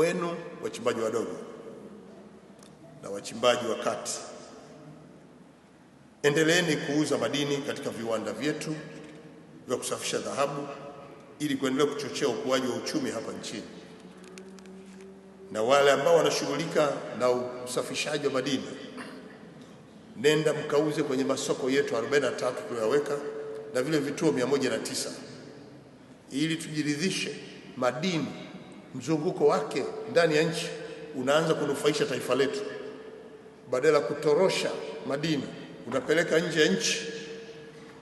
kwenu wachimbaji wadogo na wachimbaji wa kati, endeleeni kuuza madini katika viwanda vyetu vya kusafisha dhahabu ili kuendelea kuchochea ukuaji wa uchumi hapa nchini. Na wale ambao wanashughulika na usafishaji wa madini, nenda mkauze kwenye masoko yetu 43 tuliyoweka na vile vituo 109 ili tujiridhishe madini mzunguko wake ndani ya nchi unaanza kunufaisha taifa letu, badala ya kutorosha madini unapeleka nje ya nchi.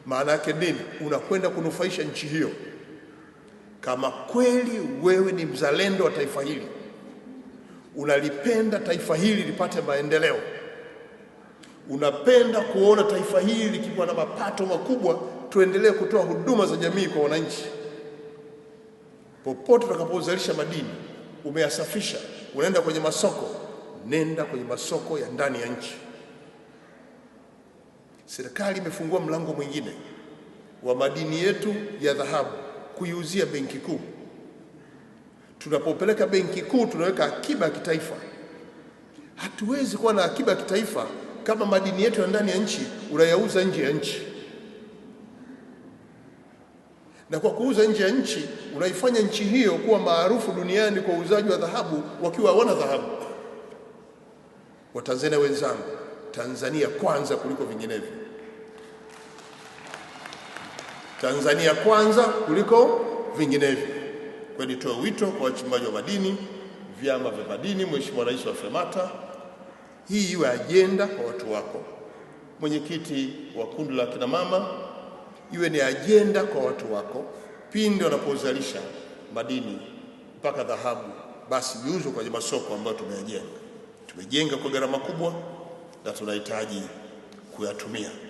Maana yake nini? Unakwenda kunufaisha nchi hiyo. Kama kweli wewe ni mzalendo wa taifa hili, unalipenda taifa hili lipate maendeleo, unapenda kuona taifa hili likiwa na mapato makubwa, tuendelee kutoa huduma za jamii kwa wananchi Popote utakapozalisha madini umeyasafisha, unaenda kwenye masoko, nenda kwenye masoko ya ndani ya nchi. Serikali imefungua mlango mwingine wa madini yetu ya dhahabu kuiuzia Benki Kuu. Tunapopeleka Benki Kuu tunaweka akiba ya kitaifa. Hatuwezi kuwa na akiba ya kitaifa kama madini yetu ya ndani ya nchi unayauza nje ya nchi na kwa kuuza nje ya nchi unaifanya nchi hiyo kuwa maarufu duniani kwa uuzaji wa dhahabu wakiwa hawana dhahabu. Watanzania wenzangu, Tanzania kwanza kuliko vinginevyo, Tanzania kwanza kuliko vinginevyo. Kwa nitoe wito kwa wachimbaji wa madini, vyama vya madini, Mheshimiwa Rais wa FEMATA, hii iwe ajenda kwa watu wako. Mwenyekiti wa kundi la kina mama iwe ni ajenda kwa watu wako. Pindi wanapozalisha madini mpaka dhahabu, basi iuzwe kwenye masoko ambayo tumeyajenga. Tumejenga kwa gharama kubwa, na tunahitaji kuyatumia.